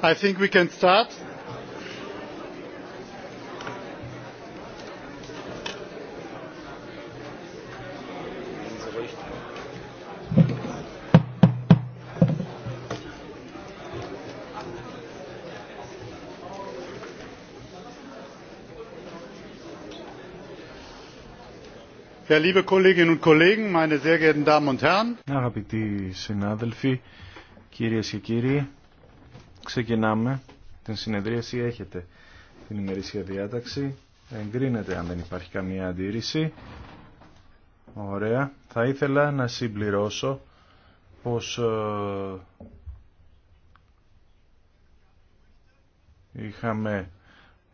I think we can start. Herr liebe Kolleginnen und Kollegen, meine sehr geehrten Damen und Herren. Ξεκινάμε την συνεδρίαση. Έχετε την ημερήσια διάταξη. Εγκρίνεται αν δεν υπάρχει καμία αντίρρηση. Ωραία. Θα ήθελα να συμπληρώσω πως ε, είχαμε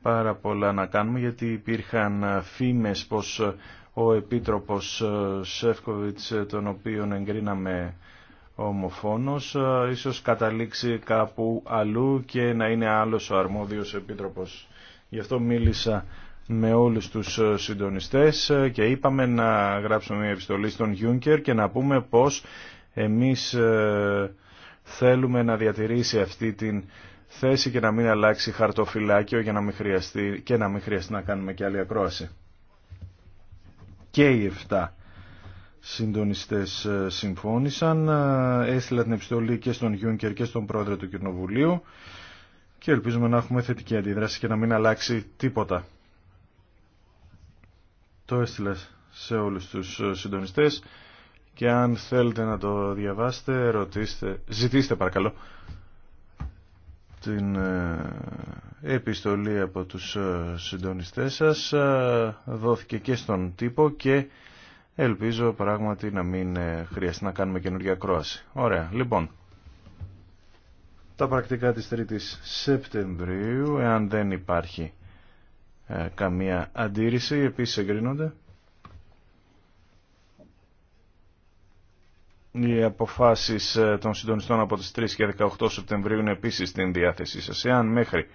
πάρα πολλά να κάνουμε γιατί υπήρχαν ε, φήμες πως ε, ο Επίτροπος Σεύκοβιτς τον οποίον εγκρίναμε ομοφόνος, ε, ίσως καταλήξει κάπου αλλού και να είναι άλλος ο αρμόδιος επίτροπος. Γι' αυτό μίλησα με όλους τους ε, συντονιστές ε, και είπαμε να γράψουμε μια επιστολή στον Γιούνκερ και να πούμε πως εμείς θέλουμε να διατηρήσει αυτή την θέση και να μην αλλάξει χαρτοφυλάκιο για να μην χρειαστεί, και να μην χρειαστεί να κάνουμε και άλλη ακρόαση. Και οι 7 συντονιστές ε, συμφώνησαν. Ε, έστειλα την επιστολή και στον Γιούνκερ και στον πρόεδρο του Κοινοβουλίου και ελπίζουμε να έχουμε θετική αντίδραση και να μην αλλάξει τίποτα. Το έστειλα σε όλους τους ε, συντονιστές και αν θέλετε να το διαβάσετε, ρωτήστε, ζητήστε παρακαλώ την επιστολή από τους συντονιστές σας δόθηκε και στον τύπο και Ελπίζω πράγματι να μην ε, χρειαστεί να κάνουμε καινούργια κρόαση. Ωραία, λοιπόν. Τα πρακτικά της 3ης Σεπτεμβρίου, εάν δεν υπάρχει ε, καμία αντίρρηση, επίσης εγκρίνονται. Οι αποφάσεις ε, των συντονιστών από τις 3 και 18 Σεπτεμβρίου είναι επίσης στην διάθεσή σας. Εάν μέχρι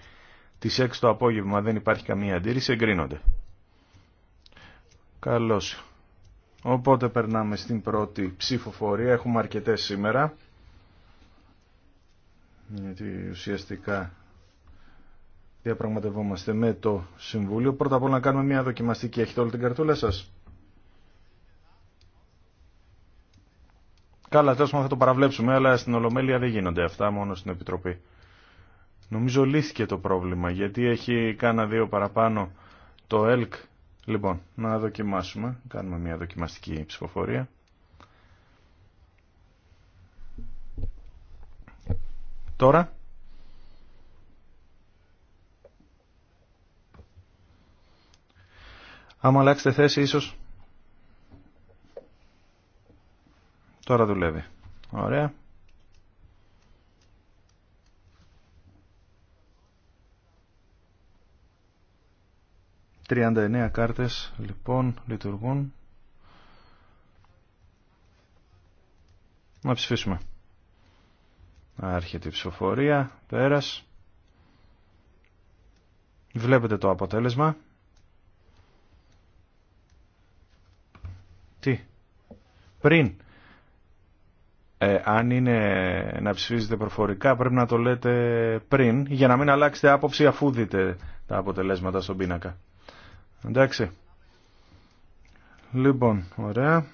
τις 6 το απόγευμα δεν υπάρχει καμία αντίρρηση, εγκρίνονται. Καλώς. Οπότε περνάμε στην πρώτη ψηφοφορία. Έχουμε αρκετές σήμερα. Γιατί ουσιαστικά διαπραγματευόμαστε με το Συμβούλιο. Πρώτα απ' όλα να κάνουμε μια δοκιμαστική. Έχετε όλη την καρτούλα σας. Καλά, τέλος θα το παραβλέψουμε, αλλά στην Ολομέλεια δεν γίνονται αυτά, μόνο στην Επιτροπή. Νομίζω λύθηκε το πρόβλημα, γιατί έχει κάνα δύο παραπάνω το ΕΛΚ Λοιπόν, να δοκιμάσουμε. Κάνουμε μια δοκιμαστική ψηφοφορία. Τώρα. Άμα αλλάξετε θέση ίσως. Τώρα δουλεύει. Ωραία. 39 κάρτες λοιπόν λειτουργούν. Να ψηφίσουμε. Άρχεται η ψηφοφορία. Πέρας. Βλέπετε το αποτέλεσμα. Τι. Πριν. Ε, αν είναι να ψηφίζετε προφορικά πρέπει να το λέτε πριν για να μην αλλάξετε άποψη αφού δείτε τα αποτελέσματα στον πίνακα. Εντάξει. Λοιπόν, ωραία.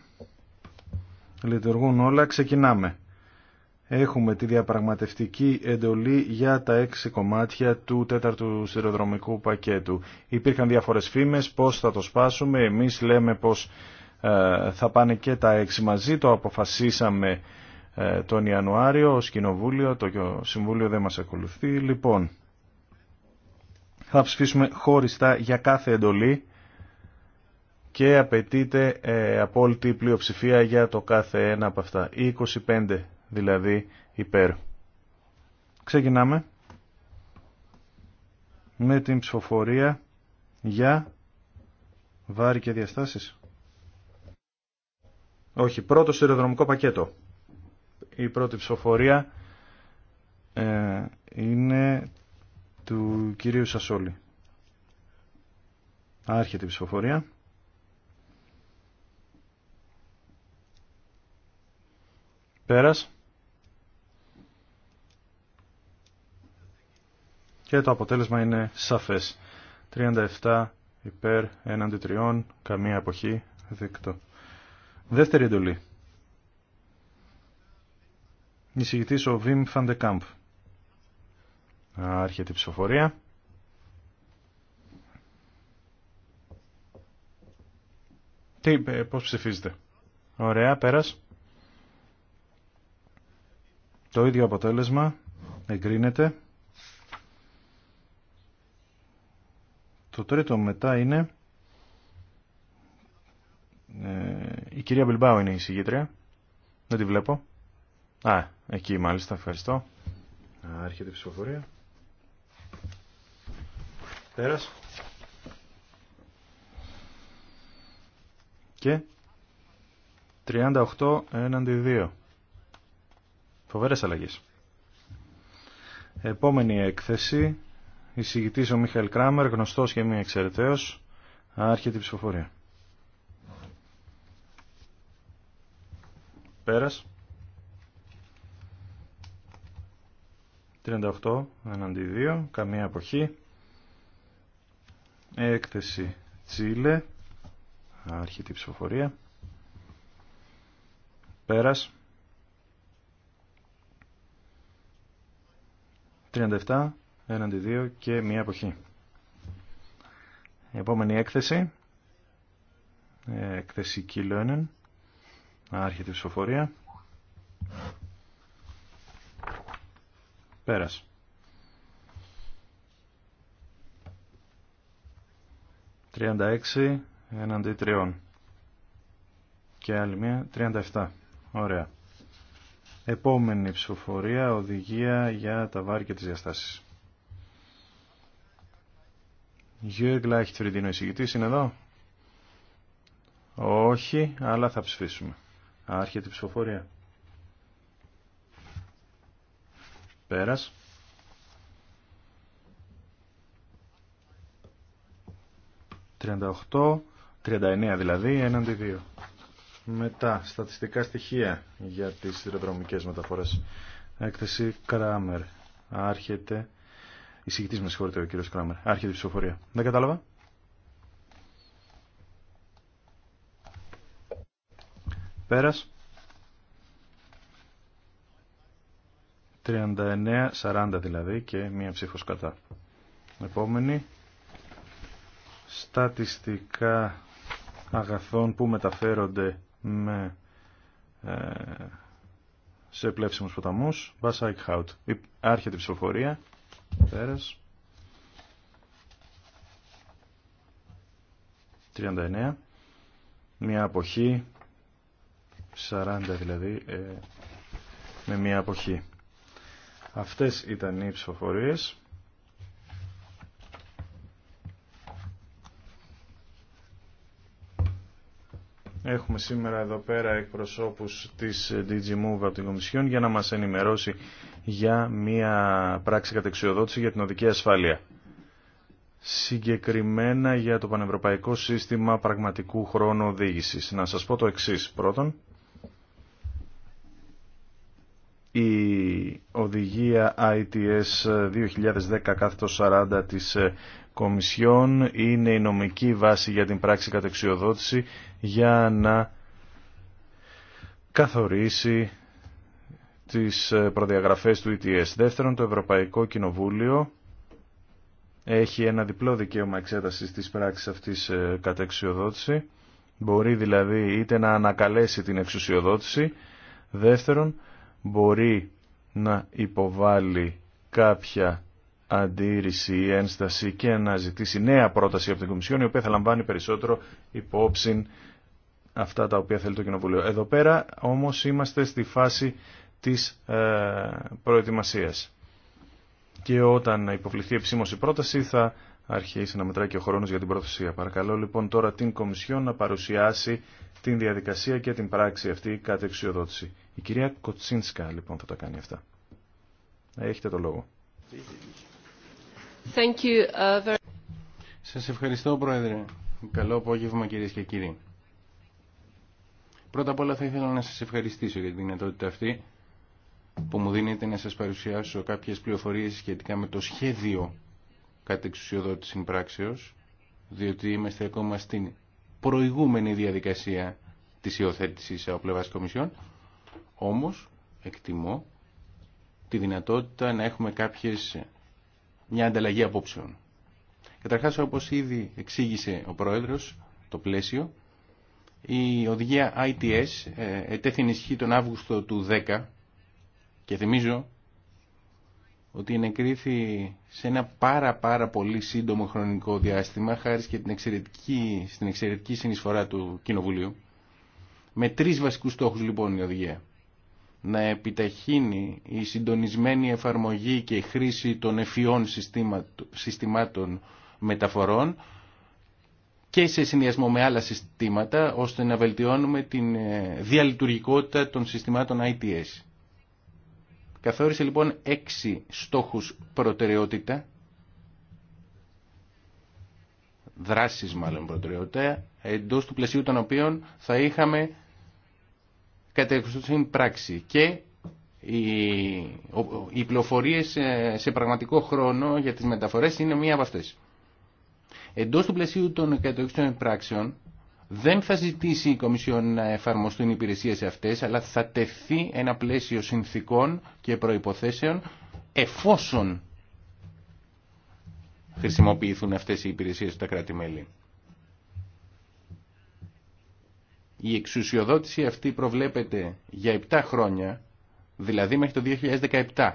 Λειτουργούν όλα. Ξεκινάμε. Έχουμε τη διαπραγματευτική εντολή για τα έξι κομμάτια του τέταρτου σειροδρομικού πακέτου. Υπήρχαν διάφορες φήμες πώς θα το σπάσουμε. Εμείς λέμε πώς ε, θα πάνε και τα έξι μαζί. Το αποφασίσαμε ε, τον Ιανουάριο ως Κοινοβούλιο. Το Συμβούλιο δεν μας ακολουθεί. Λοιπόν, θα ψηφίσουμε χωριστά για κάθε εντολή και απαιτείται ε, απόλυτη πλειοψηφία για το κάθε ένα από αυτά. 25 δηλαδή υπέρ. Ξεκινάμε με την ψηφοφορία για βάρη και διαστάσεις. Όχι, πρώτο σειροδρομικό πακέτο. Η πρώτη ψηφοφορία ε, είναι του κυρίου Σασόλη. Άρχεται η ψηφοφορία. Πέρας. Και το αποτέλεσμα είναι σαφές. 37 υπέρ έναντι τριών, καμία αποχή, δεκτό. Δεύτερη εντολή. Εισηγητής ο Βιμ Φαντεκάμπ. Άρχεται η ψηφοφορία. Τι ε, πώς ψηφίζετε. Ωραία, πέρας. Το ίδιο αποτέλεσμα εγκρίνεται. Το τρίτο μετά είναι... Ε, η κυρία Μπιλμπάου είναι η συγγήτρια. Δεν τη βλέπω. Α, εκεί μάλιστα, ευχαριστώ. Άρχεται η ψηφοφορία. Πέρας. Και 38 έναντι 2. Φοβερές αλλαγές. Επόμενη έκθεση. Εισηγητής ο Μιχαήλ Κράμερ, γνωστός και μη εξαιρεταίος. Άρχεται η ψηφοφορία. Πέρας. 38 έναντι 2. Καμία αποχή. Έκθεση Τσίλε. Άρχιτη ψηφοφορία. Πέρας. 37, έναντι 2 και μία εποχή. επόμενη έκθεση. Έκθεση Κιλόνεν. Άρχιτη ψηφοφορία. Πέρας. 36 έναντι 3 και άλλη μία 37. Ωραία. Επόμενη ψηφοφορία, οδηγία για τα βάρη και τις διαστάσεις. Γιώργ Φρυντινό εισηγητής είναι εδώ. Όχι, αλλά θα ψηφίσουμε. Άρχεται η ψηφοφορία. Πέρας. 38, 39 δηλαδή, έναντι 2. Μετά, στατιστικά στοιχεία για τις σιδηροδρομικές μεταφορές. Έκθεση Κράμερ. Άρχεται... Η με συγχωρείτε ο κύριος Κράμερ. Άρχεται η ψηφοφορία. Δεν κατάλαβα. Πέρας. 39-40 δηλαδή και μία ψήφος κατά. Επόμενη στατιστικά αγαθών που μεταφέρονται με, ε, σε πλεύσιμους ποταμούς. Βασάικ Χάουτ. Άρχεται η ψηφοφορία. Πέρας. 39. Μια αποχή. 40 δηλαδή. Ε, με μια αποχή. Αυτές ήταν οι ψηφοφορίες. Έχουμε σήμερα εδώ πέρα εκπροσώπους της DG Move από την Κομισιόν για να μας ενημερώσει για μια πράξη κατεξιοδότηση για την οδική ασφάλεια. Συγκεκριμένα για το Πανευρωπαϊκό Σύστημα Πραγματικού Χρόνου Οδήγησης. Να σας πω το εξής. Πρώτον, η οδηγία ITS 2010-40 της Κομισιόν είναι η νομική βάση για την πράξη κατεξιοδότηση για να καθορίσει τις ε, προδιαγραφές του ETS. Δεύτερον, το Ευρωπαϊκό Κοινοβούλιο έχει ένα διπλό δικαίωμα εξέτασης της πράξης αυτής ε, κατεξιοδότηση. Μπορεί δηλαδή είτε να ανακαλέσει την εξουσιοδότηση. Δεύτερον, μπορεί να υποβάλει κάποια αντίρρηση, ένσταση και να ζητήσει νέα πρόταση από την Κομισιόν η οποία θα λαμβάνει περισσότερο υπόψη αυτά τα οποία θέλει το Κοινοβουλίο. Εδώ πέρα όμως είμαστε στη φάση της ε, προετοιμασίας. Και όταν υποβληθεί επισήμως η πρόταση θα αρχίσει να μετράει και ο χρόνος για την προθεσία. Παρακαλώ λοιπόν τώρα την Κομισιόν να παρουσιάσει την διαδικασία και την πράξη αυτή κατά εξουσιοδότηση. Η κυρία Κοτσίνσκα λοιπόν θα τα κάνει αυτά. Έχετε το λόγο. Thank uh, Σας ευχαριστώ Πρόεδρε. Καλό απόγευμα κυρίες και κύριοι. Πρώτα απ' όλα θα ήθελα να σας ευχαριστήσω για τη δυνατότητα αυτή που μου δίνετε να σας παρουσιάσω κάποιες πληροφορίες σχετικά με το σχέδιο εξουσιοδότηση πράξεως, διότι είμαστε ακόμα στην προηγούμενη διαδικασία της υιοθέτησης από πλευράς Κομισιόν, όμως εκτιμώ τη δυνατότητα να έχουμε κάποιες μια ανταλλαγή απόψεων. Καταρχάς, όπως ήδη εξήγησε ο Πρόεδρος, το πλαίσιο, η οδηγία ITS ε, ετέθη ισχύ τον Αύγουστο του 10 και θυμίζω ότι ενεκρίθη σε ένα πάρα πάρα πολύ σύντομο χρονικό διάστημα χάρη και την εξαιρετική, στην εξαιρετική συνεισφορά του Κοινοβουλίου. Με τρεις βασικούς στόχους λοιπόν η οδηγία να επιταχύνει η συντονισμένη εφαρμογή και η χρήση των εφιών συστημάτων μεταφορών και σε συνδυασμό με άλλα συστήματα, ώστε να βελτιώνουμε την ε, διαλειτουργικότητα των συστημάτων ITS. Καθόρισε λοιπόν έξι στόχους προτεραιότητα, δράσεις μάλλον προτεραιότητα, εντός του πλαισίου των οποίων θα είχαμε κατεξουσίαν πράξη και οι πληροφορίες ε, σε πραγματικό χρόνο για τις μεταφορές είναι μία από αυτές. Εντός του πλαισίου των κατεξουσίαν πράξεων δεν θα ζητήσει η Κομισιόν να εφαρμοστούν οι υπηρεσίες αυτές, αλλά θα τεθεί ένα πλαίσιο συνθήκων και προϋποθέσεων εφόσον χρησιμοποιηθούν αυτές οι υπηρεσίες στα κράτη-μέλη. Η εξουσιοδότηση αυτή προβλέπεται για 7 χρόνια, δηλαδή μέχρι το 2017,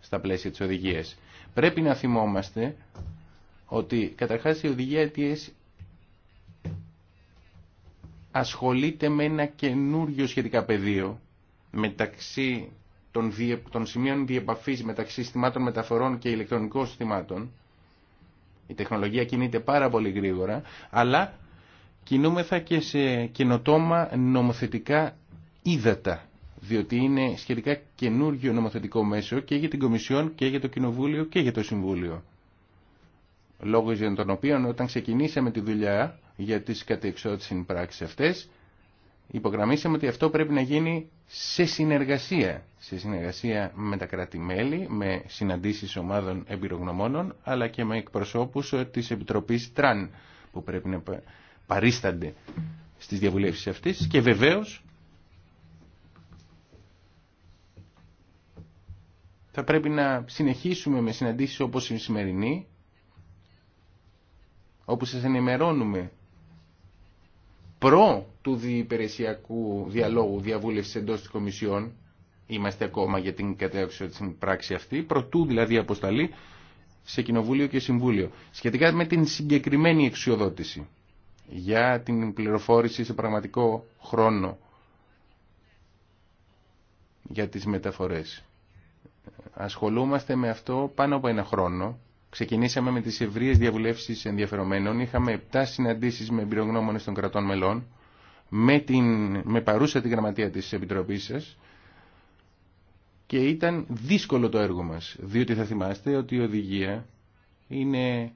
στα πλαίσια της οδηγίας. Πρέπει να θυμόμαστε ότι καταρχάς η οδηγία ETS ασχολείται με ένα καινούριο σχετικά πεδίο μεταξύ των, των σημείων διεπαφής μεταξύ συστημάτων μεταφορών και ηλεκτρονικών συστημάτων. Η τεχνολογία κινείται πάρα πολύ γρήγορα, αλλά κινούμεθα και σε καινοτόμα νομοθετικά ύδατα, διότι είναι σχετικά καινούργιο νομοθετικό μέσο και για την Κομισιόν και για το Κοινοβούλιο και για το Συμβούλιο. Λόγω για τον οποίο όταν ξεκινήσαμε τη δουλειά για τις κατεξότησιν πράξεις αυτές, υπογραμμίσαμε ότι αυτό πρέπει να γίνει σε συνεργασία. Σε συνεργασία με τα κράτη-μέλη, με συναντήσεις ομάδων εμπειρογνωμόνων, αλλά και με εκπροσώπους της Επιτροπής ΤΡΑΝ, που πρέπει να παρίστανται στις διαβουλεύσεις αυτές και βεβαίως θα πρέπει να συνεχίσουμε με συναντήσεις όπως η σημερινή όπου σας ενημερώνουμε προ του διυπηρεσιακού διαλόγου διαβούλευσης εντός της Κομισιόν είμαστε ακόμα για την κατεύθυνση της πράξη αυτή, προτού δηλαδή αποσταλεί σε Κοινοβούλιο και Συμβούλιο. Σχετικά με την συγκεκριμένη εξουσιοδότηση για την πληροφόρηση σε πραγματικό χρόνο για τις μεταφορές. Ασχολούμαστε με αυτό πάνω από ένα χρόνο. Ξεκινήσαμε με τις ευρείες διαβουλεύσεις ενδιαφερομένων. Είχαμε 7 συναντήσεις με εμπειρογνώμονες των κρατών μελών, με, την, με παρούσα τη γραμματεία της Επιτροπής σας. Και ήταν δύσκολο το έργο μας, διότι θα θυμάστε ότι η οδηγία είναι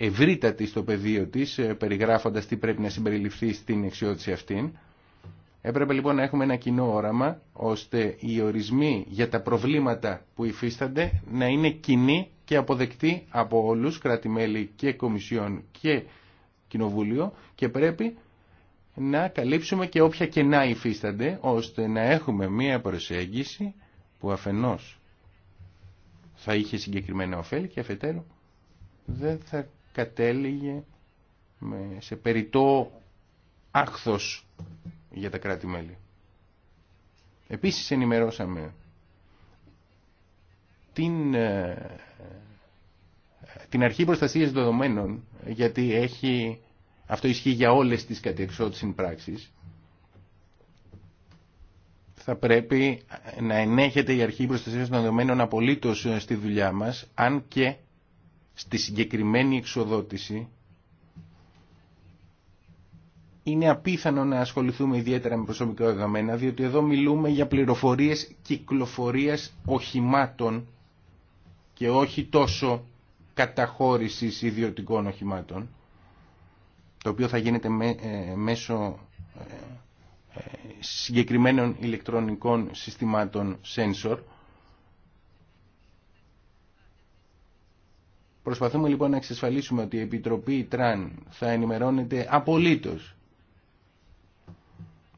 ευρύτατη στο πεδίο της, ε, περιγράφοντας τι πρέπει να συμπεριληφθεί στην εξιότηση αυτήν. Έπρεπε λοιπόν να έχουμε ένα κοινό όραμα, ώστε οι ορισμοί για τα προβλήματα που υφίστανται να είναι κοινοί και αποδεκτοί από όλους, κράτη-μέλη και κομισιόν και κοινοβούλιο και πρέπει να καλύψουμε και όποια κενά υφίστανται, ώστε να έχουμε μία προσέγγιση που αφενός θα είχε συγκεκριμένα ωφέλη και αφετέρου δεν θα κατέληγε σε περιτο άχθος για τα κράτη-μέλη. Επίσης ενημερώσαμε την, ε, την αρχή προστασίας δεδομένων, γιατί έχει, αυτό ισχύει για όλες τις κατεξότητες πράξεις, θα πρέπει να ενέχεται η αρχή προστασίας των δεδομένων απολύτως στη δουλειά μας, αν και στη συγκεκριμένη εξοδότηση είναι απίθανο να ασχοληθούμε ιδιαίτερα με προσωπικά δεδομένα, διότι εδώ μιλούμε για πληροφορίες κυκλοφορίας οχημάτων και όχι τόσο καταχώρησης ιδιωτικών οχημάτων, το οποίο θα γίνεται ε, μέσω ε, ε, συγκεκριμένων ηλεκτρονικών συστημάτων sensor, Προσπαθούμε λοιπόν να εξασφαλίσουμε ότι η Επιτροπή Τραν θα ενημερώνεται απολύτως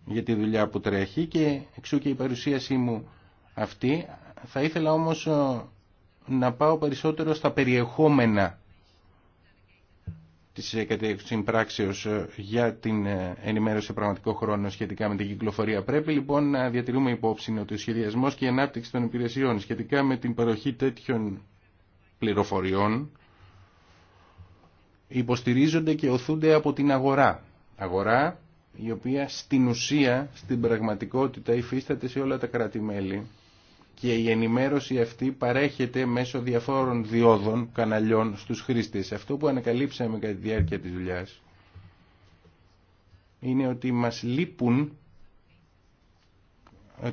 για τη δουλειά που τρέχει και εξού και η παρουσίασή μου αυτή. Θα ήθελα όμως ε, να πάω περισσότερο στα περιεχόμενα της συμπράξεως ε, για την ε, ενημέρωση σε πραγματικό χρόνο σχετικά με την κυκλοφορία. Πρέπει λοιπόν να διατηρούμε υπόψη ότι ο σχεδιασμός και η ανάπτυξη των υπηρεσιών σχετικά με την παροχή τέτοιων πληροφοριών υποστηρίζονται και οθούνται από την αγορά. Αγορά η οποία στην ουσία, στην πραγματικότητα υφίσταται σε όλα τα κρατη και η ενημέρωση αυτή παρέχεται μέσω διαφόρων διόδων, καναλιών στους χρήστες. Αυτό που ανακαλύψαμε κατά τη διάρκεια της δουλειάς είναι ότι μας λείπουν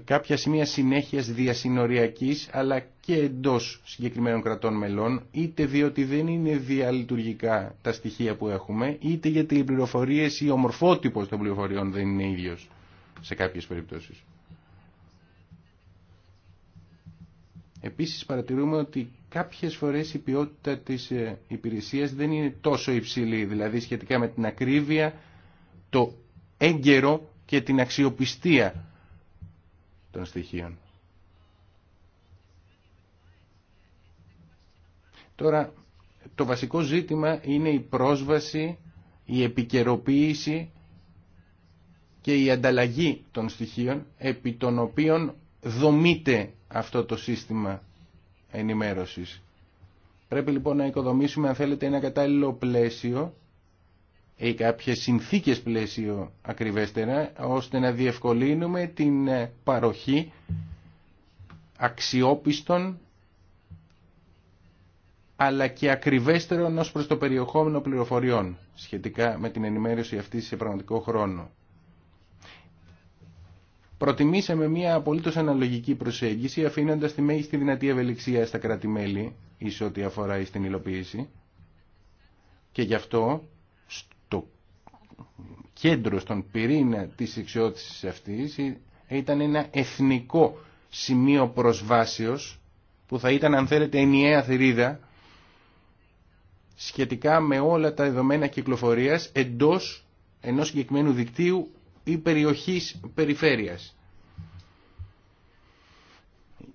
κάποια σημεία συνέχειας διασυνοριακής αλλά και εντός συγκεκριμένων κρατών μελών, είτε διότι δεν είναι διαλειτουργικά τα στοιχεία που έχουμε, είτε γιατί οι πληροφορίες ή ο μορφότυπος των πληροφοριών δεν είναι ίδιος σε κάποιες περιπτώσεις. Επίσης παρατηρούμε ότι κάποιες φορές η ποιότητα της ε, υπηρεσίας δεν είναι τόσο υψηλή, δηλαδή σχετικά με την ακρίβεια, το έγκαιρο και την αξιοπιστία των στοιχείων. Τώρα, το βασικό ζήτημα είναι η πρόσβαση, η επικαιροποίηση και η ανταλλαγή των στοιχείων επί των οποίων δομείται αυτό το σύστημα ενημέρωσης. Πρέπει λοιπόν να οικοδομήσουμε αν θέλετε ένα κατάλληλο πλαίσιο ή κάποιες συνθήκες πλαίσιο ακριβέστερα ώστε να διευκολύνουμε την παροχή αξιόπιστων αλλά και ακριβέστερον ως προς το περιεχόμενο πληροφοριών σχετικά με την ενημέρωση αυτή σε πραγματικό χρόνο. Προτιμήσαμε μια απολύτως αναλογική προσέγγιση αφήνοντας τη μέγιστη δυνατή ευελιξία στα κράτη-μέλη ίσως ό,τι αφορά στην υλοποίηση και γι' αυτό στο κέντρο, στον πυρήνα της εξιότησης αυτής ήταν ένα εθνικό σημείο προσβάσεως που θα ήταν αν θέλετε ενιαία θηρίδα σχετικά με όλα τα δεδομένα κυκλοφορίας εντός ενός συγκεκριμένου δικτύου ή περιοχής περιφέρειας.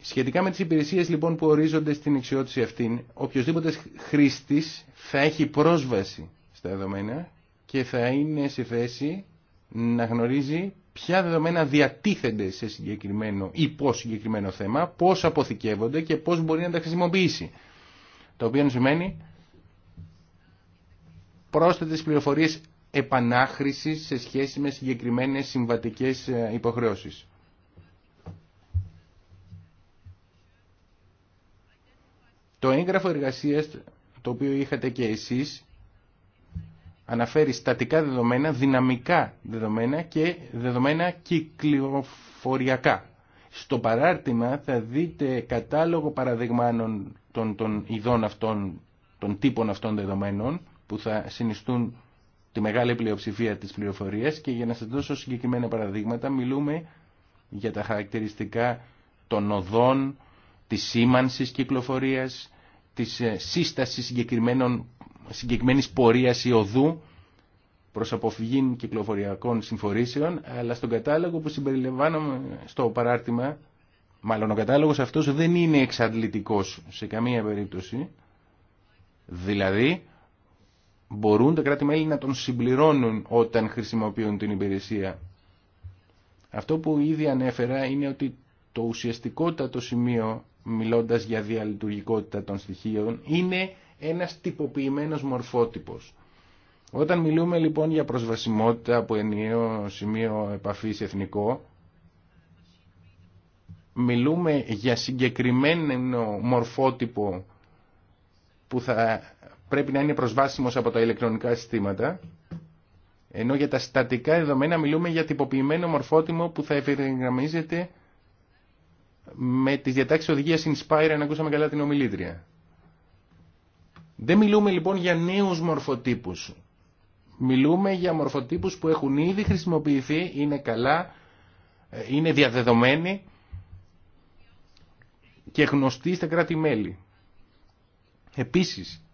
Σχετικά με τις υπηρεσίες λοιπόν που ορίζονται στην εξιότηση αυτήν, οποιοδήποτε χρήστης θα έχει πρόσβαση στα δεδομένα και θα είναι σε θέση να γνωρίζει ποια δεδομένα διατίθενται σε συγκεκριμένο ή πώς συγκεκριμένο θέμα, πώς αποθηκεύονται και πώς μπορεί να τα χρησιμοποιήσει. Το οποίο σημαίνει πρόσθετες πληροφορίες επανάχρησης σε σχέση με συγκεκριμένες συμβατικές ε, υποχρεώσεις. Το έγγραφο εργασίας, το οποίο είχατε και εσείς, αναφέρει στατικά δεδομένα, δυναμικά δεδομένα και δεδομένα κυκλοφοριακά. Στο παράρτημα θα δείτε κατάλογο παραδειγμάνων των, των ειδών αυτών, των τύπων αυτών δεδομένων, που θα συνιστούν τη μεγάλη πλειοψηφία της πληροφορίας και για να σας δώσω συγκεκριμένα παραδείγματα μιλούμε για τα χαρακτηριστικά των οδών, της σήμανσης κυκλοφορίας, της ε, σύστασης συγκεκριμένων, συγκεκριμένης πορείας ή οδού προς αποφυγή κυκλοφοριακών συμφορήσεων, αλλά στον κατάλογο που συμπεριλαμβάνομαι στο παράρτημα, μάλλον ο κατάλογος αυτός δεν είναι εξαντλητικός σε καμία περίπτωση, δηλαδή μπορούν τα κράτη-μέλη να τον συμπληρώνουν όταν χρησιμοποιούν την υπηρεσία. Αυτό που ήδη ανέφερα είναι ότι το ουσιαστικότατο σημείο, μιλώντας για διαλειτουργικότητα των στοιχείων, είναι ένας τυποποιημένος μορφότυπος. Όταν μιλούμε λοιπόν για προσβασιμότητα από ενιαίο σημείο επαφής εθνικό, μιλούμε για συγκεκριμένο μορφότυπο που θα πρέπει να είναι προσβάσιμος από τα ηλεκτρονικά συστήματα, ενώ για τα στατικά δεδομένα μιλούμε για τυποποιημένο μορφότιμο που θα εφηγραμμίζεται με τις διατάξεις οδηγίας Inspire, αν ακούσαμε καλά την ομιλήτρια. Δεν μιλούμε λοιπόν για νέους μορφοτύπους. Μιλούμε για μορφοτύπους που έχουν ήδη χρησιμοποιηθεί, είναι καλά, είναι διαδεδομένοι και γνωστοί στα κράτη-μέλη. Επίσης,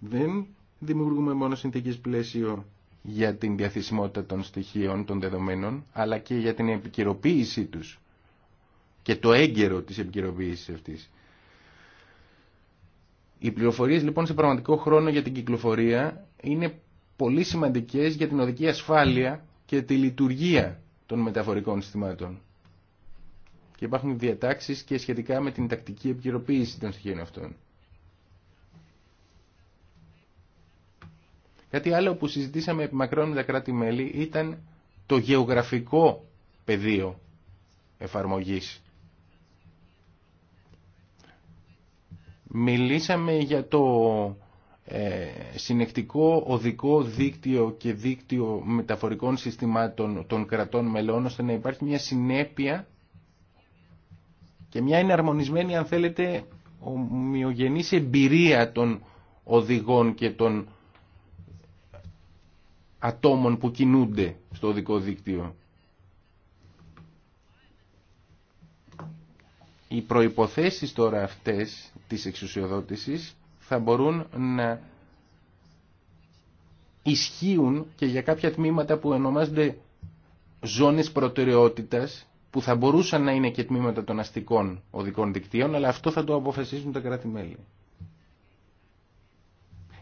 δεν δημιουργούμε μόνο συνθήκε πλαίσιο για την διαθυσιμότητα των στοιχείων, των δεδομένων, αλλά και για την επικαιροποίησή τους και το έγκαιρο της επικαιροποίησης αυτής. Οι πληροφορίες λοιπόν σε πραγματικό χρόνο για την κυκλοφορία είναι πολύ σημαντικές για την οδική ασφάλεια και τη λειτουργία των μεταφορικών συστημάτων. Και υπάρχουν διατάξεις και σχετικά με την τακτική επικαιροποίηση των στοιχείων αυτών. Κάτι άλλο που συζητήσαμε επί μακρόν με τα κράτη-μέλη ήταν το γεωγραφικό πεδίο εφαρμογής. Μιλήσαμε για το ε, συνεκτικό οδικό δίκτυο και δίκτυο μεταφορικών συστημάτων των κρατών μελών ώστε να υπάρχει μια συνέπεια και μια εναρμονισμένη αν θέλετε ομοιογενής εμπειρία των οδηγών και των ατόμων που κινούνται στο οδικό δίκτυο. Οι προϋποθέσεις τώρα αυτές της εξουσιοδότησης θα μπορούν να ισχύουν και για κάποια τμήματα που ονομάζονται ζώνες προτεραιότητας που θα μπορούσαν να είναι και τμήματα των αστικών οδικών δικτύων, αλλά αυτό θα το αποφασίσουν τα κράτη-μέλη.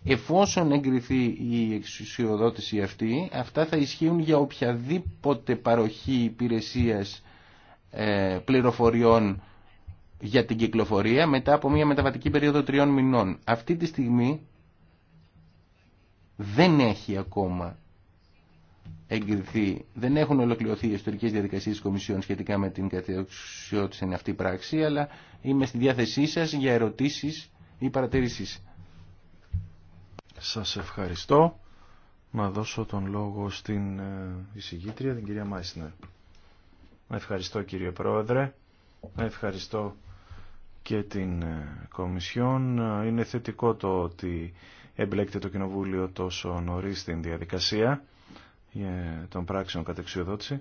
Εφόσον εγκριθεί η εξουσιοδότηση αυτή, αυτά θα ισχύουν για οποιαδήποτε παροχή υπηρεσίας ε, πληροφοριών για την κυκλοφορία μετά από μια μεταβατική περίοδο τριών μηνών. Αυτή τη στιγμή δεν έχει ακόμα εγκριθεί, δεν έχουν ολοκληρωθεί οι ιστορικές διαδικασίες της Κομισιόν σχετικά με την καθεοξουσιοδότηση σε αυτή πράξη, αλλά είμαι στη διάθεσή σας για ερωτήσεις ή παρατηρήσεις. Σας ευχαριστώ. Να δώσω τον λόγο στην ε, εισηγήτρια, την κυρία Μάισνερ. Ευχαριστώ κύριε Πρόεδρε. Ευχαριστώ και την ε, Κομισιόν. Είναι θετικό το ότι εμπλέκεται το Κοινοβούλιο τόσο νωρίς στην διαδικασία των πράξεων κατεξιοδότηση.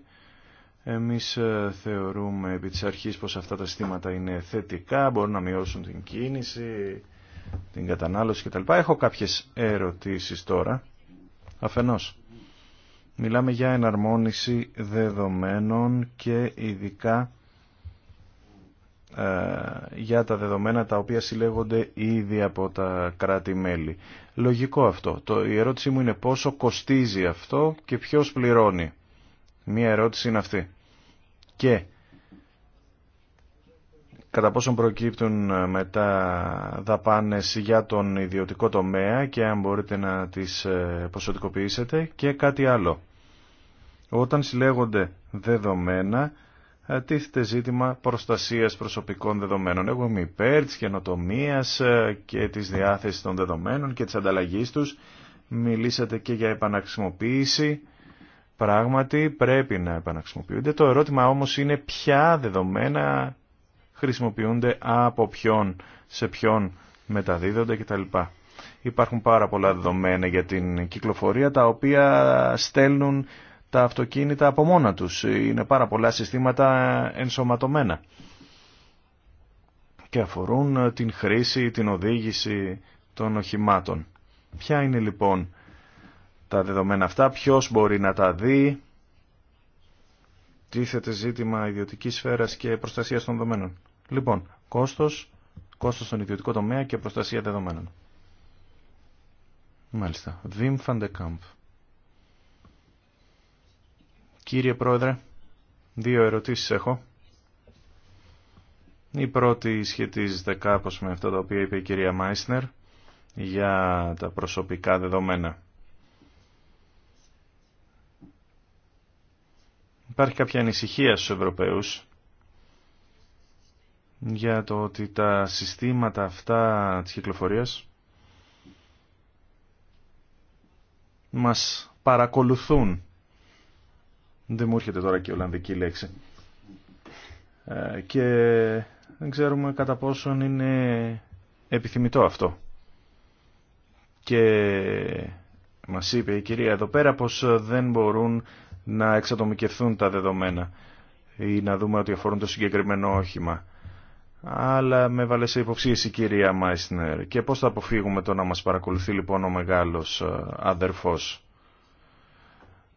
Εμείς ε, θεωρούμε επί της αρχής πως αυτά τα συστήματα είναι θετικά, μπορούν να μειώσουν την κίνηση, την κατανάλωση κτλ. Έχω κάποιες ερωτήσεις τώρα. Αφενός, μιλάμε για εναρμόνιση δεδομένων και ειδικά ε, για τα δεδομένα τα οποία συλλέγονται ήδη από τα κράτη-μέλη. Λογικό αυτό. Το, η ερώτησή μου είναι πόσο κοστίζει αυτό και ποιος πληρώνει. Μία ερώτηση είναι αυτή. Και κατά πόσον προκύπτουν ε, μετά δαπάνες για τον ιδιωτικό τομέα και αν μπορείτε να τις ε, ποσοτικοποιήσετε και κάτι άλλο. Όταν συλλέγονται δεδομένα, ε, τίθεται ζήτημα προστασίας προσωπικών δεδομένων. Εγώ είμαι υπέρ της καινοτομίας και της διάθεσης των δεδομένων και της ανταλλαγής τους. Μιλήσατε και για επαναξιμοποίηση. Πράγματι πρέπει να επαναξιμοποιούνται. Το ερώτημα όμως είναι ποια δεδομένα χρησιμοποιούνται από ποιον, σε ποιον μεταδίδονται κτλ. Υπάρχουν πάρα πολλά δεδομένα για την κυκλοφορία τα οποία στέλνουν τα αυτοκίνητα από μόνα τους. Είναι πάρα πολλά συστήματα ενσωματωμένα και αφορούν ε, την χρήση, την οδήγηση των οχημάτων. Ποια είναι λοιπόν τα δεδομένα αυτά, ποιος μπορεί να τα δει, τίθεται ζήτημα ιδιωτικής σφαίρας και προστασίας των δεδομένων. Λοιπόν, κόστος, κόστος στον ιδιωτικό τομέα και προστασία δεδομένων. Μάλιστα. Βιμ Φαντεκάμπ. Κύριε Πρόεδρε, δύο ερωτήσεις έχω. Η πρώτη σχετίζεται κάπως με αυτό το οποία είπε η κυρία Μάισνερ για τα προσωπικά δεδομένα. Υπάρχει κάποια ανησυχία στους Ευρωπαίους για το ότι τα συστήματα αυτά της κυκλοφορίας μας παρακολουθούν. Δεν μου έρχεται τώρα και η Ολλανδική λέξη. Ε, και δεν ξέρουμε κατά πόσον είναι επιθυμητό αυτό. Και μας είπε η κυρία εδώ πέρα πως δεν μπορούν να εξατομικευθούν τα δεδομένα ή να δούμε ότι αφορούν το συγκεκριμένο όχημα αλλά με βάλεσε σε η κυρία Μάισνερ. Και πώς θα αποφύγουμε το να μας παρακολουθεί λοιπόν ο μεγάλος ε, αδερφός.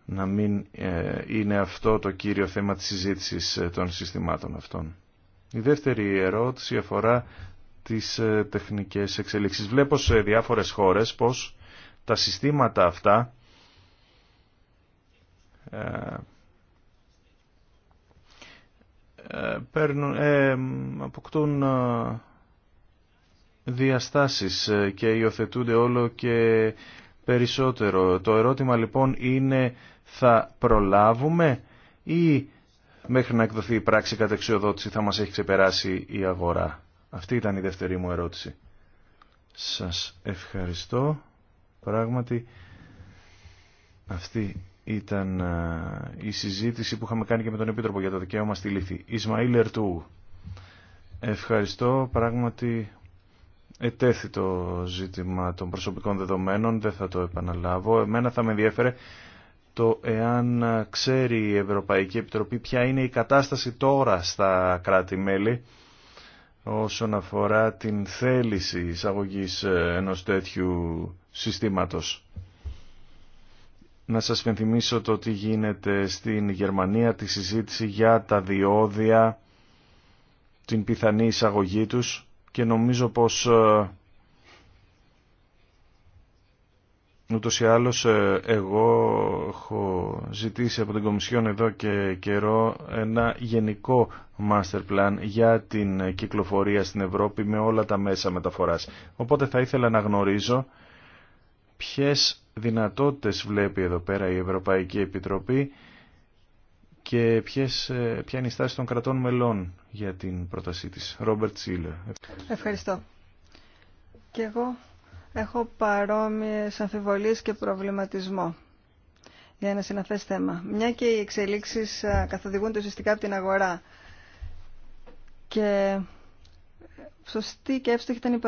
Να μην ε, είναι αυτό το κύριο θέμα της συζήτησης ε, των συστημάτων αυτών. Η δεύτερη ερώτηση αφορά τις τεχνικές εξελίξεις. Βλέπω σε διάφορες χώρες πως τα συστήματα αυτά ε, παίρνουν, ε, αποκτούν ε, διαστάσεις και υιοθετούνται όλο και περισσότερο. Το ερώτημα λοιπόν είναι θα προλάβουμε ή μέχρι να εκδοθεί η πράξη κατεξιοδότηση θα μας έχει ξεπεράσει η αγορά. Αυτή ήταν η δεύτερη μου ερώτηση. Σας ευχαριστώ. Πράγματι αυτή ήταν ε, η συζήτηση που είχαμε κάνει και με τον Επίτροπο για το δικαίωμα στη λύθη. Ισμαήλ Ερτού. Ευχαριστώ. Πράγματι ετέθη το ζήτημα των προσωπικών δεδομένων. Δεν θα το επαναλάβω. Εμένα θα με ενδιέφερε το εάν ξέρει η Ευρωπαϊκή Επιτροπή ποια είναι η κατάσταση τώρα στα κράτη-μέλη όσον αφορά την θέληση εισαγωγής ε, ενός τέτοιου συστήματος να σας πενθυμίσω το τι γίνεται στην Γερμανία, τη συζήτηση για τα διόδια, την πιθανή εισαγωγή τους και νομίζω πως ε, ούτως ή άλλως ε, εγώ έχω ζητήσει από την Κομισιόν εδώ και καιρό ένα γενικό master plan για την κυκλοφορία στην Ευρώπη με όλα τα μέσα μεταφοράς. Οπότε θα ήθελα να γνωρίζω ποιες δυνατότητες βλέπει εδώ πέρα η Ευρωπαϊκή Επιτροπή και ποιες, ε, ποια είναι η στάση των κρατών μελών για την πρότασή της. Ρόμπερτ Σίλε. Ευχαριστώ. Και εγώ έχω παρόμοιες αμφιβολίες και προβληματισμό για ένα συναφές θέμα. Μια και οι εξελίξεις ε, καθοδηγούνται ουσιαστικά από την αγορά. Και σωστή και εύστοχη ήταν η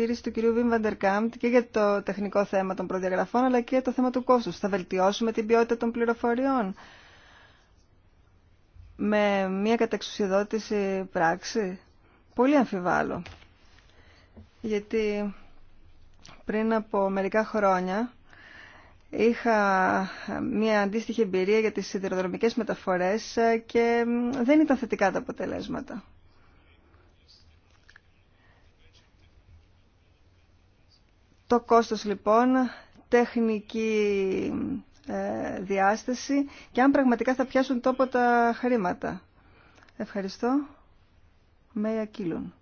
παρατήρηση του κυρίου Βίμ Βαντερκάμπ και για το τεχνικό θέμα των προδιαγραφών αλλά και το θέμα του κόστους. Θα βελτιώσουμε την ποιότητα των πληροφοριών με μια καταξουσιοδότηση πράξη. Πολύ αμφιβάλλω. Γιατί πριν από μερικά χρόνια είχα μια αντίστοιχη εμπειρία για τις σιδηροδρομικές μεταφορές και δεν ήταν θετικά τα αποτελέσματα. Το κόστος λοιπόν, τεχνική ε, διάσταση και αν πραγματικά θα πιάσουν τόπο τα χρήματα. Ευχαριστώ. Μέια Κίλουν.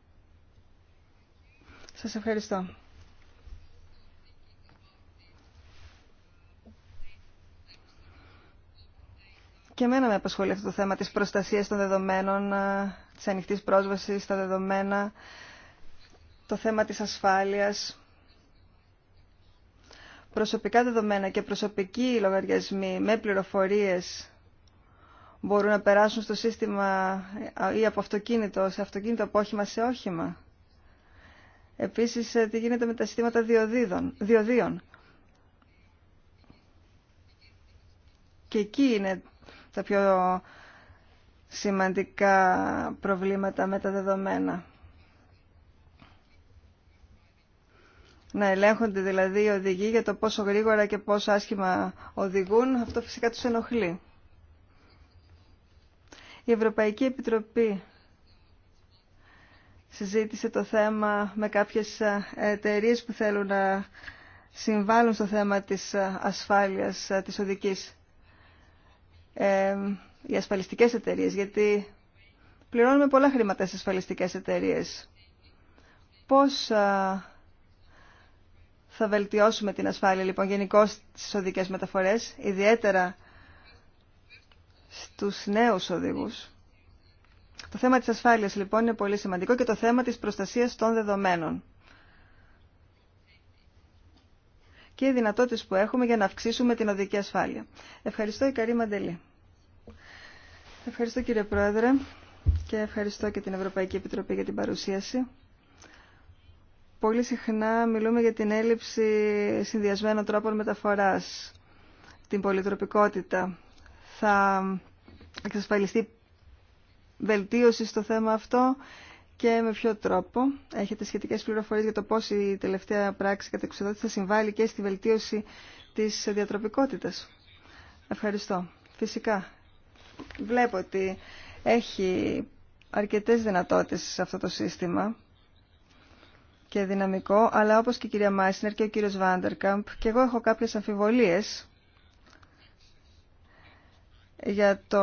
Σας ευχαριστώ. Και εμένα με απασχολεί αυτό το θέμα της προστασίας των δεδομένων, ε, της ανοιχτής πρόσβασης στα δεδομένα, το θέμα της ασφάλειας προσωπικά δεδομένα και προσωπικοί λογαριασμοί με πληροφορίες μπορούν να περάσουν στο σύστημα ή από αυτοκίνητο σε αυτοκίνητο, από όχημα σε όχημα. Επίσης, ε, τι γίνεται με τα συστήματα διοδίδων, διοδίων. Και εκεί είναι τα πιο σημαντικά προβλήματα με τα δεδομένα. να ελέγχονται δηλαδή οι οδηγοί για το πόσο γρήγορα και πόσο άσχημα οδηγούν, αυτό φυσικά τους ενοχλεί. Η Ευρωπαϊκή Επιτροπή συζήτησε το θέμα με κάποιες εταιρείε που θέλουν να συμβάλλουν στο θέμα της ασφάλειας της οδικής. Ε, οι ασφαλιστικές εταιρείε, γιατί πληρώνουμε πολλά χρήματα στις ασφαλιστικές εταιρείε. Πώς θα βελτιώσουμε την ασφάλεια λοιπόν γενικώ στις οδικές μεταφορές, ιδιαίτερα στους νέους οδηγούς. Το θέμα της ασφάλειας λοιπόν είναι πολύ σημαντικό και το θέμα της προστασίας των δεδομένων. και οι δυνατότητες που έχουμε για να αυξήσουμε την οδική ασφάλεια. Ευχαριστώ η Καρή Μαντελή. Ευχαριστώ κύριε Πρόεδρε και ευχαριστώ και την Ευρωπαϊκή Επιτροπή για την παρουσίαση πολύ συχνά μιλούμε για την έλλειψη συνδυασμένων τρόπων μεταφοράς, την πολυτροπικότητα. Θα εξασφαλιστεί βελτίωση στο θέμα αυτό και με ποιο τρόπο. Έχετε σχετικές πληροφορίες για το πώς η τελευταία πράξη κατεξοδότηση θα συμβάλλει και στη βελτίωση της διατροπικότητας. Ευχαριστώ. Φυσικά. Βλέπω ότι έχει αρκετές δυνατότητες σε αυτό το σύστημα και δυναμικό, αλλά όπως και η κυρία Μάισνερ και ο κύριος Βάντερκαμπ, και εγώ έχω κάποιες αμφιβολίες για το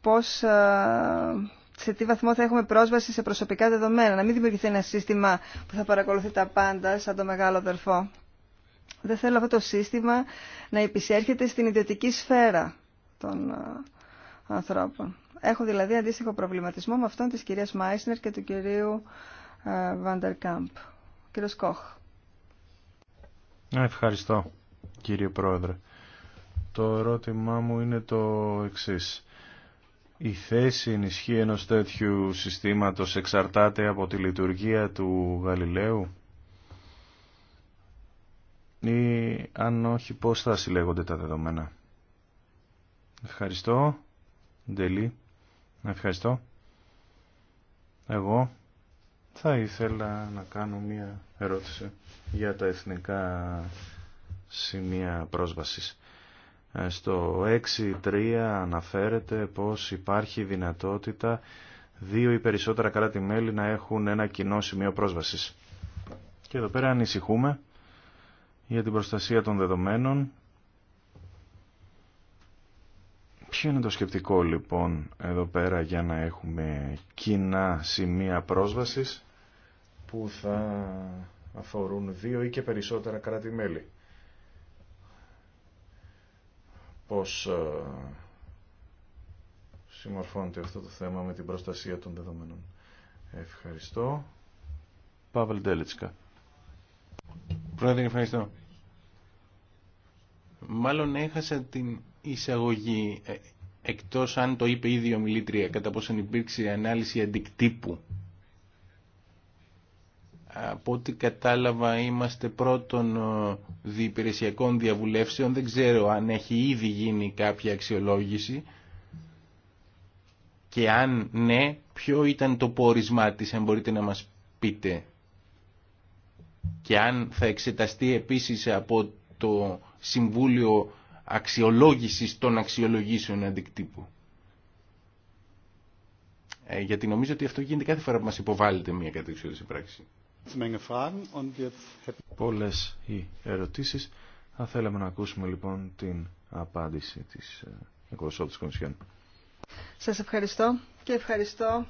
πώς, ε, σε τι βαθμό θα έχουμε πρόσβαση σε προσωπικά δεδομένα, να μην δημιουργηθεί ένα σύστημα που θα παρακολουθεί τα πάντα σαν το μεγάλο αδερφό. Δεν θέλω αυτό το σύστημα να επισέρχεται στην ιδιωτική σφαίρα των ε, ανθρώπων. Έχω δηλαδή αντίστοιχο προβληματισμό με αυτόν της κυρίας Μάισνερ και του κυρίου Βάντερ Κάμπ. Κύριος Κόχ. Ευχαριστώ κύριε Πρόεδρε. Το ερώτημά μου είναι το εξής. Η θέση ενισχύ ενός τέτοιου συστήματος εξαρτάται από τη λειτουργία του Γαλιλαίου ή αν όχι πώς θα συλλέγονται τα δεδομένα. Ευχαριστώ. Ντελή. Ευχαριστώ. Εγώ θα ήθελα να κάνω μία ερώτηση για τα εθνικά σημεία πρόσβασης. Ε, στο 6.3 αναφέρεται πως υπάρχει δυνατότητα δύο ή περισσότερα κράτη-μέλη να έχουν ένα κοινό σημείο πρόσβασης. Και εδώ πέρα ανησυχούμε για την προστασία των δεδομένων Ποιο είναι το σκεπτικό λοιπόν εδώ πέρα για να έχουμε κοινά σημεία πρόσβασης που θα αφορούν δύο ή και περισσότερα κράτη-μέλη. Πώς ε, συμμορφώνεται αυτό το θέμα με την προστασία των δεδομένων. Ευχαριστώ. Παύλ Ντέλετσκα. Πρόεδρε, ευχαριστώ. Μάλλον έχασα την εισαγωγή, ε, εκτός αν το είπε ήδη η ομιλήτρια, κατά πόσον υπήρξε ανάλυση αντικτύπου. Από ό,τι κατάλαβα είμαστε πρώτων ε, διυπηρεσιακών διαβουλεύσεων, δεν ξέρω αν έχει ήδη γίνει κάποια αξιολόγηση και αν ναι, ποιο ήταν το πόρισμά της, αν μπορείτε να μας πείτε. Και αν θα εξεταστεί επίσης από το Συμβούλιο αξιολόγησης των αξιολογήσεων αντικτύπου. Ε, γιατί νομίζω ότι αυτό γίνεται κάθε φορά που μας υποβάλλεται μια κατεξιόδηση πράξη. Πολλές οι ερωτήσεις. Θα θέλαμε να ακούσουμε λοιπόν την απάντηση της ε, εκπροσώπου της Κομισιόν. Σας ευχαριστώ και ευχαριστώ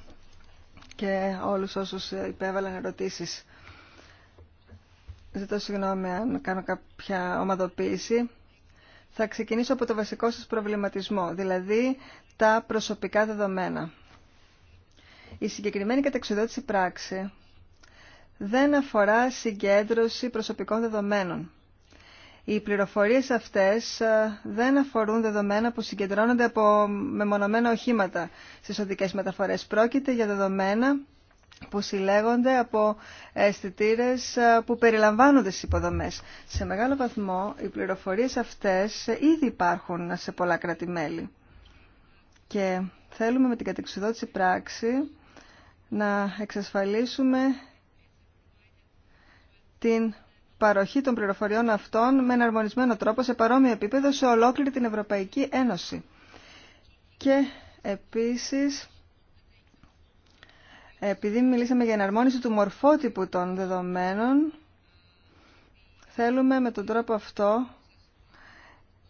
και όλους όσους ε, υπέβαλαν ερωτήσεις. Ζητώ συγγνώμη αν κάνω κάποια ομαδοποίηση. Θα ξεκινήσω από το βασικό σας προβληματισμό, δηλαδή τα προσωπικά δεδομένα. Η συγκεκριμένη καταξιδότηση πράξη δεν αφορά συγκέντρωση προσωπικών δεδομένων. Οι πληροφορίες αυτές ε, δεν αφορούν δεδομένα που συγκεντρώνονται από μεμονωμένα οχήματα στις οδικές μεταφορές. Πρόκειται για δεδομένα που συλλέγονται από αισθητήρε ε, που περιλαμβάνονται στι υποδομέ. Σε μεγάλο βαθμό οι πληροφορίες αυτές ήδη υπάρχουν σε πολλά κράτη-μέλη. Και θέλουμε με την κατεξουδότηση πράξη να εξασφαλίσουμε την παροχή των πληροφοριών αυτών με αρμονισμένο τρόπο σε παρόμοιο επίπεδο σε ολόκληρη την Ευρωπαϊκή Ένωση. Και επίσης επειδή μιλήσαμε για εναρμόνιση του μορφότυπου των δεδομένων, θέλουμε με τον τρόπο αυτό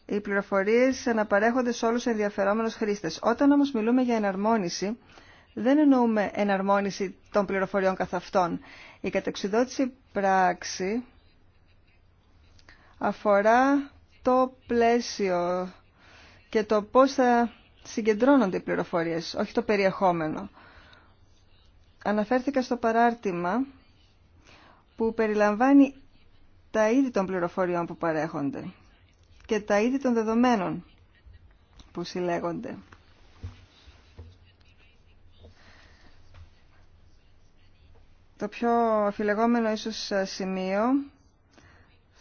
οι πληροφορίες να παρέχονται σε όλους τους ενδιαφερόμενους χρήστες. Όταν όμως μιλούμε για εναρμόνιση, δεν εννοούμε εναρμόνιση των πληροφοριών καθ' αυτών. Η κατεξιδότηση πράξη αφορά το πλαίσιο και το πώς θα συγκεντρώνονται οι πληροφορίες, όχι το περιεχόμενο αναφέρθηκα στο παράρτημα που περιλαμβάνει τα είδη των πληροφοριών που παρέχονται και τα είδη των δεδομένων που συλλέγονται. Το πιο αφιλεγόμενο ίσως σημείο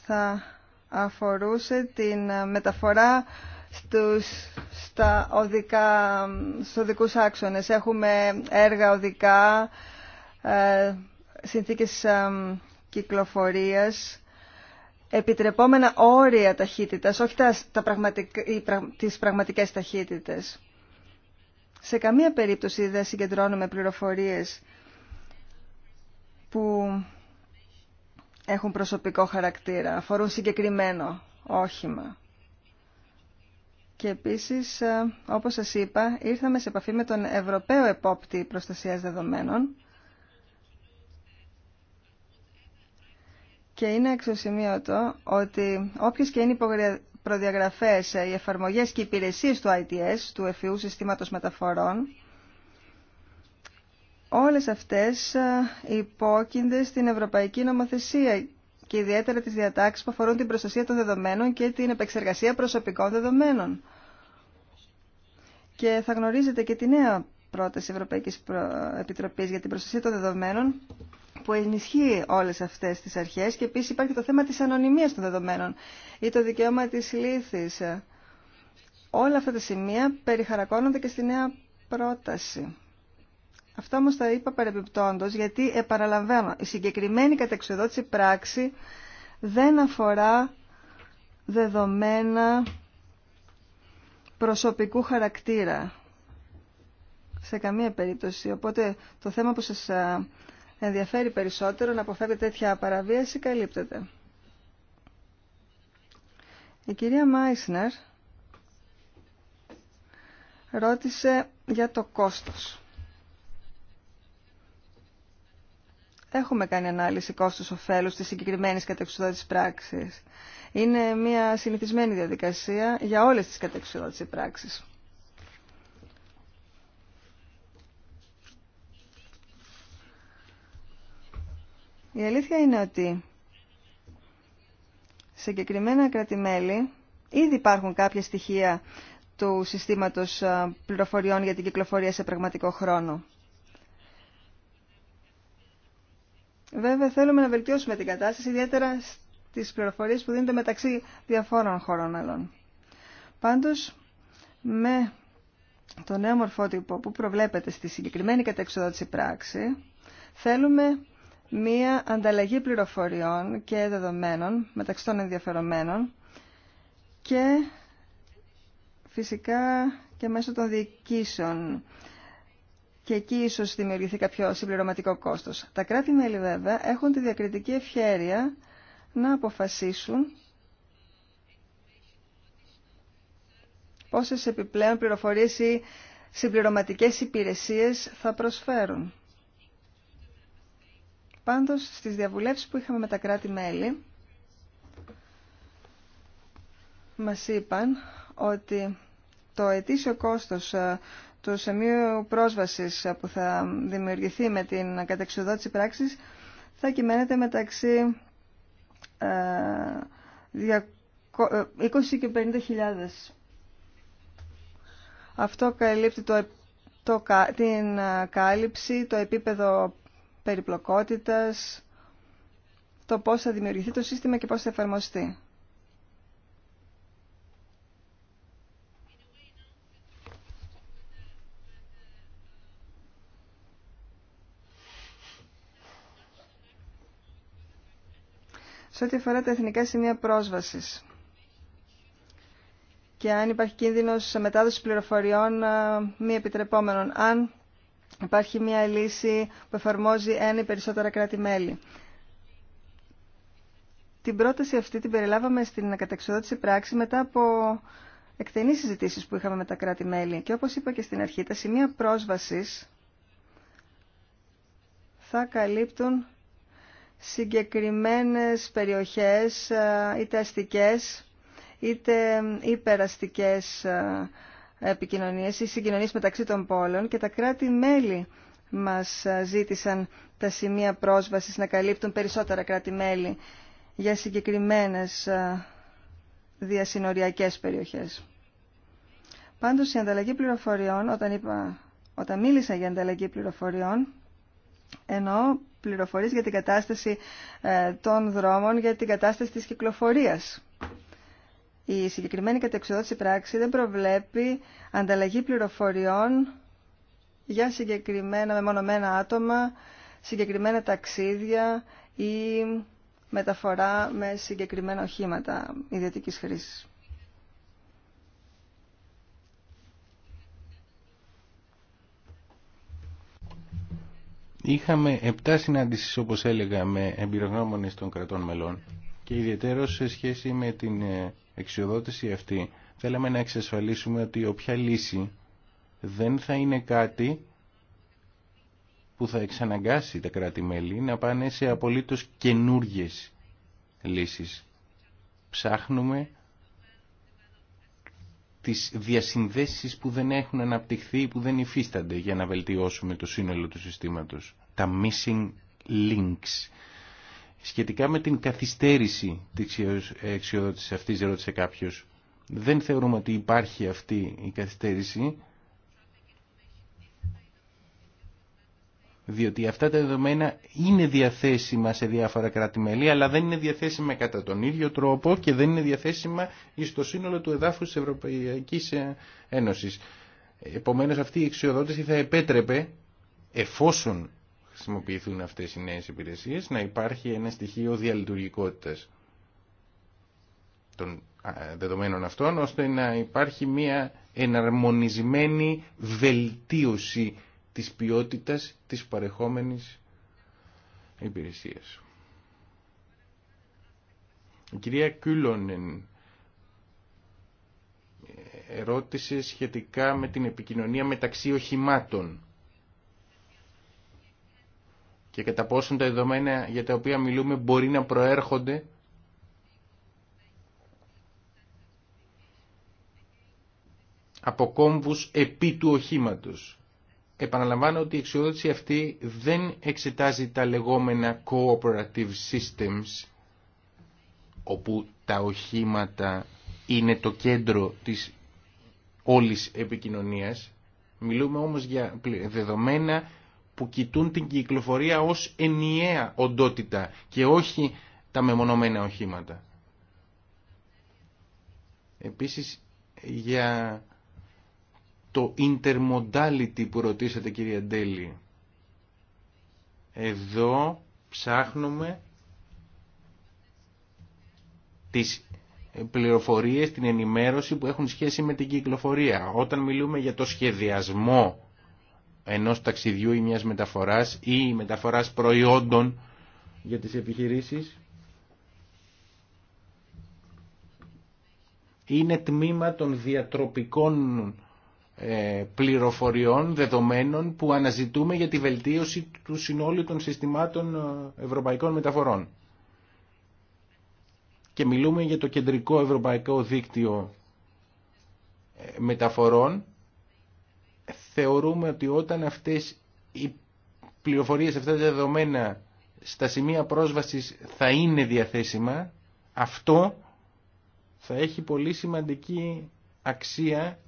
θα αφορούσε την μεταφορά στους, στα οδικά, οδικούς άξονες. Έχουμε έργα οδικά, ε, συνθήκες ε, κυκλοφορίας, επιτρεπόμενα όρια ταχύτητας, όχι τα, τα πραγματικ, τις πραγματικές ταχύτητες. Σε καμία περίπτωση δεν συγκεντρώνουμε πληροφορίες που έχουν προσωπικό χαρακτήρα, αφορούν συγκεκριμένο όχημα. Και επίσης, ε, όπως σας είπα, ήρθαμε σε επαφή με τον Ευρωπαίο Επόπτη Προστασίας Δεδομένων και είναι εξωσημείωτο ότι όποιες και είναι οι προδιαγραφές, ε, οι εφαρμογές και οι υπηρεσίες του ITS, του εφιού Συστήματος Μεταφορών, όλες αυτές ε, υπόκεινται στην Ευρωπαϊκή Νομοθεσία και ιδιαίτερα τις διατάξεις που αφορούν την προστασία των δεδομένων και την επεξεργασία προσωπικών δεδομένων. Και θα γνωρίζετε και τη νέα πρόταση Ευρωπαϊκής Επιτροπής για την προστασία των δεδομένων που ενισχύει όλες αυτές τις αρχές και επίσης υπάρχει το θέμα της ανωνυμίας των δεδομένων ή το δικαίωμα της λύθης. Όλα αυτά τα σημεία περιχαρακώνονται και στη νέα πρόταση αυτό όμω τα είπα παρεμπιπτόντω, γιατί επαναλαμβάνω, η συγκεκριμένη κατεξοδότηση πράξη δεν αφορά δεδομένα προσωπικού χαρακτήρα σε καμία περίπτωση. Οπότε το θέμα που σας ενδιαφέρει περισσότερο να αποφεύγετε τέτοια παραβίαση καλύπτεται. Η κυρία Μάισνερ ρώτησε για το κόστος. Έχουμε κάνει ανάλυση κόστους-οφέλους της συγκεκριμένης κατεξουδότησης πράξης. Είναι μια συνηθισμένη διαδικασία για όλες τις κατεξουδότησες πράξεις. Η αλήθεια είναι ότι σε συγκεκριμένα κράτη-μέλη ήδη υπάρχουν κάποια στοιχεία του συστήματος ε, πληροφοριών για την κυκλοφορία σε πραγματικό χρόνο. Βέβαια θέλουμε να βελτιώσουμε την κατάσταση, ιδιαίτερα στι πληροφορίε που δίνονται μεταξύ διαφόρων χωρών άλλων. Πάντως, με το νέο μορφότυπο που προβλέπεται στη συγκεκριμένη κατεξοδότηση πράξη, θέλουμε μία ανταλλαγή πληροφοριών και δεδομένων μεταξύ των ενδιαφερομένων και φυσικά και μέσω των διοικήσεων και εκεί ίσω δημιουργηθεί κάποιο συμπληρωματικό κόστος. Τα κράτη-μέλη βέβαια έχουν τη διακριτική ευχέρεια να αποφασίσουν πόσες επιπλέον πληροφορίες ή συμπληρωματικές υπηρεσίες θα προσφέρουν. Πάντως, στις διαβουλεύσεις που είχαμε με τα κράτη-μέλη, μας είπαν ότι το ετήσιο κόστος ε, το Σημείου Πρόσβασης που θα δημιουργηθεί με την κατεξοδότηση πράξης θα κυμαίνεται μεταξύ 20 ε, ε, και 50 Αυτό καλύπτει το, το, την ε, κάλυψη, το επίπεδο περιπλοκότητας, το πώς θα δημιουργηθεί το σύστημα και πώς θα εφαρμοστεί. σε ό,τι αφορά τα εθνικά σημεία πρόσβασης και αν υπάρχει κίνδυνος μετάδοση πληροφοριών μη επιτρεπόμενων, αν υπάρχει μια λύση που εφαρμόζει ένα ή περισσότερα κράτη-μέλη. Την πρόταση αυτή την περιλάβαμε στην κατεξοδότηση πράξη μετά από εκτενείς συζητήσεις που είχαμε με τα κράτη-μέλη. Και όπως είπα και στην αρχή, τα σημεία πρόσβασης θα καλύπτουν συγκεκριμένες περιοχές, ε, είτε αστικές, είτε υπεραστικές ε, επικοινωνίες ή συγκοινωνίες μεταξύ των πόλων και τα κράτη-μέλη μας ε, ζήτησαν τα σημεία πρόσβασης να καλύπτουν περισσότερα κράτη-μέλη για συγκεκριμένες διασυνοριακές περιοχές. Πάντως η ανταλλαγή πληροφοριών, όταν, είπα, όταν μίλησα για ανταλλαγή πληροφοριών, ενώ πληροφορίες για την κατάσταση ε, των δρόμων, για την κατάσταση της κυκλοφορίας. Η συγκεκριμένη κατεξοδότηση πράξη δεν προβλέπει ανταλλαγή πληροφοριών για συγκεκριμένα μεμονωμένα άτομα, συγκεκριμένα ταξίδια ή μεταφορά με συγκεκριμένα οχήματα ιδιωτικής χρήσης. Είχαμε επτά συνάντησεις όπως έλεγα με εμπειρογνώμονες των κρατών μελών και ιδιαίτερο σε σχέση με την ε, εξοδότηση αυτή θέλαμε να εξασφαλίσουμε ότι όποια λύση δεν θα είναι κάτι που θα εξαναγκάσει τα κράτη-μέλη να πάνε σε απολύτως καινούργιες λύσεις. Ψάχνουμε τις διασυνδέσεις που δεν έχουν αναπτυχθεί, που δεν υφίστανται για να βελτιώσουμε το σύνολο του συστήματος. Τα missing links. Σχετικά με την καθυστέρηση της εξιοδότησης αυτής, ρώτησε κάποιος, δεν θεωρούμε ότι υπάρχει αυτή η καθυστέρηση, διότι αυτά τα δεδομένα είναι διαθέσιμα σε διάφορα κράτη-μέλη, αλλά δεν είναι διαθέσιμα κατά τον ίδιο τρόπο και δεν είναι διαθέσιμα στο σύνολο του εδάφους της Ευρωπαϊκής Ένωσης. Επομένως αυτή η εξοδότηση θα επέτρεπε, εφόσον χρησιμοποιηθούν αυτές οι νέες υπηρεσίες, να υπάρχει ένα στοιχείο διαλειτουργικότητας των δεδομένων αυτών, ώστε να υπάρχει μια εναρμονισμένη βελτίωση της ποιότητας της παρεχόμενης υπηρεσίας. Η κυρία Κούλονεν ερώτησε σχετικά με την επικοινωνία μεταξύ οχημάτων και κατά πόσον τα δεδομένα για τα οποία μιλούμε μπορεί να προέρχονται από κόμβους επί του οχήματος επαναλαμβάνω ότι η εξοδότηση αυτή δεν εξετάζει τα λεγόμενα cooperative systems, όπου τα οχήματα είναι το κέντρο της όλης επικοινωνίας. Μιλούμε όμως για δεδομένα που κοιτούν την κυκλοφορία ως ενιαία οντότητα και όχι τα μεμονωμένα οχήματα. Επίσης για το intermodality που ρωτήσατε κυρία Ντέλη. Εδώ ψάχνουμε τις πληροφορίες, την ενημέρωση που έχουν σχέση με την κυκλοφορία. Όταν μιλούμε για το σχεδιασμό ενός ταξιδιού ή μιας μεταφοράς ή μεταφοράς προϊόντων για τις επιχειρήσεις, είναι τμήμα των διατροπικών ε, πληροφοριών, δεδομένων που αναζητούμε για τη βελτίωση του συνόλου των συστημάτων ε, ευρωπαϊκών μεταφορών. Και μιλούμε για το κεντρικό ευρωπαϊκό δίκτυο ε, μεταφορών. Θεωρούμε ότι όταν αυτές οι πληροφορίες, αυτά τα δεδομένα στα σημεία πρόσβασης θα είναι διαθέσιμα, αυτό θα έχει πολύ σημαντική αξία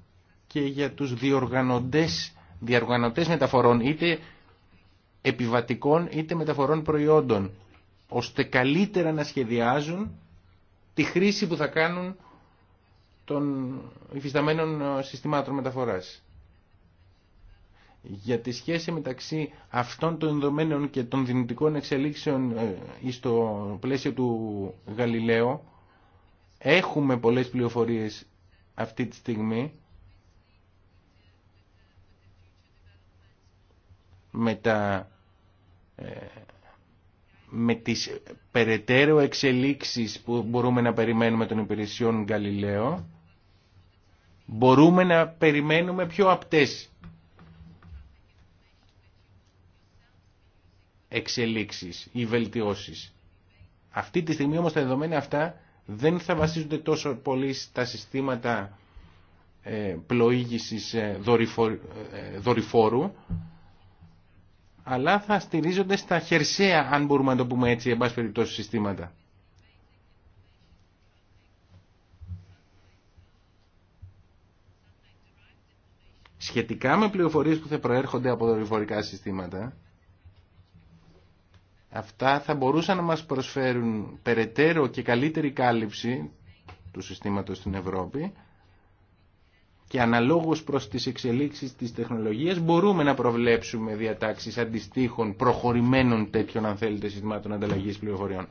και για τους διοργανωτές, διοργανωτές μεταφορών, είτε επιβατικών είτε μεταφορών προϊόντων, ώστε καλύτερα να σχεδιάζουν τη χρήση που θα κάνουν των υφισταμένων ε, συστημάτων μεταφοράς. Για τη σχέση μεταξύ αυτών των δεδομένων και των δυνητικών εξελίξεων στο ε, πλαίσιο του Γαλιλαίου, έχουμε πολλές πληροφορίες αυτή τη στιγμή με, τα, ε, με τις περαιτέρω εξελίξεις που μπορούμε να περιμένουμε των υπηρεσιών Γαλιλαίο μπορούμε να περιμένουμε πιο απτές εξελίξεις ή βελτιώσεις. Αυτή τη στιγμή όμως τα δεδομένα αυτά δεν θα βασίζονται τόσο πολύ στα συστήματα ε, πλοήγησης ε, δορυφόρου αλλά θα στηρίζονται στα χερσαία, αν μπορούμε να το πούμε έτσι, εν πάση περιπτώσει συστήματα. Σχετικά με πληροφορίες που θα προέρχονται από δορυφορικά συστήματα, αυτά θα μπορούσαν να μας προσφέρουν περαιτέρω και καλύτερη κάλυψη του συστήματος στην Ευρώπη, και αναλόγως προς τις εξελίξεις της τεχνολογίας μπορούμε να προβλέψουμε διατάξεις αντιστοίχων προχωρημένων τέτοιων αν θέλετε συστημάτων ανταλλαγής πληροφοριών.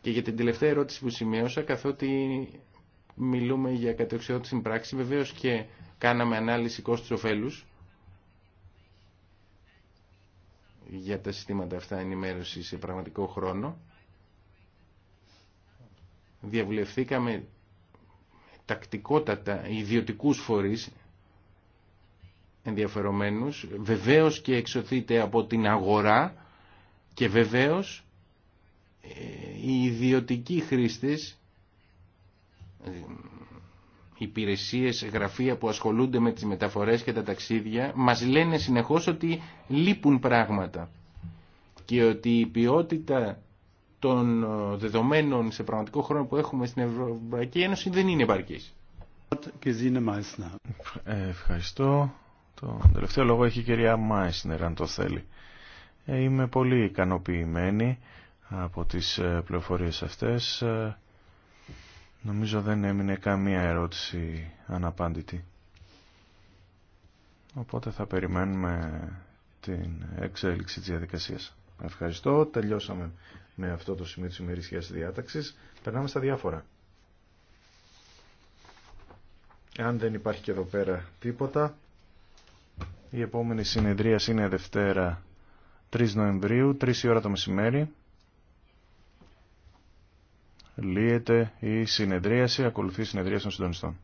Και για την τελευταία ερώτηση που σημείωσα, καθότι μιλούμε για κατεξιότητα πράξη, βεβαίως και κάναμε ανάλυση κόστους ωφέλους για τα συστήματα αυτά ενημέρωση σε πραγματικό χρόνο. Διαβουλευθήκαμε τακτικότατα ιδιωτικούς φορείς ενδιαφερομένους, βεβαίως και εξωθείται από την αγορά και βεβαίως ε, οι ιδιωτικοί χρήστες, ε, υπηρεσίες, γραφεία που ασχολούνται με τις μεταφορές και τα ταξίδια, μας λένε συνεχώς ότι λείπουν πράγματα και ότι η ποιότητα των ε, δεδομένων σε πραγματικό χρόνο που έχουμε στην Ευρωπαϊκή Ένωση δεν είναι επαρκής. Ε, ευχαριστώ. Το τελευταίο λόγο έχει η κυρία Μάισνερ αν το θέλει. Ε, είμαι πολύ ικανοποιημένη από τις πληροφορίες αυτές. Νομίζω δεν έμεινε καμία ερώτηση αναπάντητη. Οπότε θα περιμένουμε την εξέλιξη της διαδικασίας. Ευχαριστώ. Τελειώσαμε με αυτό το σημείο της ημερησίας διάταξης. Περνάμε στα διάφορα. Αν δεν υπάρχει και εδώ πέρα τίποτα, η επόμενη συνεδρία είναι Δευτέρα 3 Νοεμβρίου, 3 η ώρα το μεσημέρι. Λύεται η συνεδρίαση, ακολουθεί η συνεδρίαση των συντονιστών.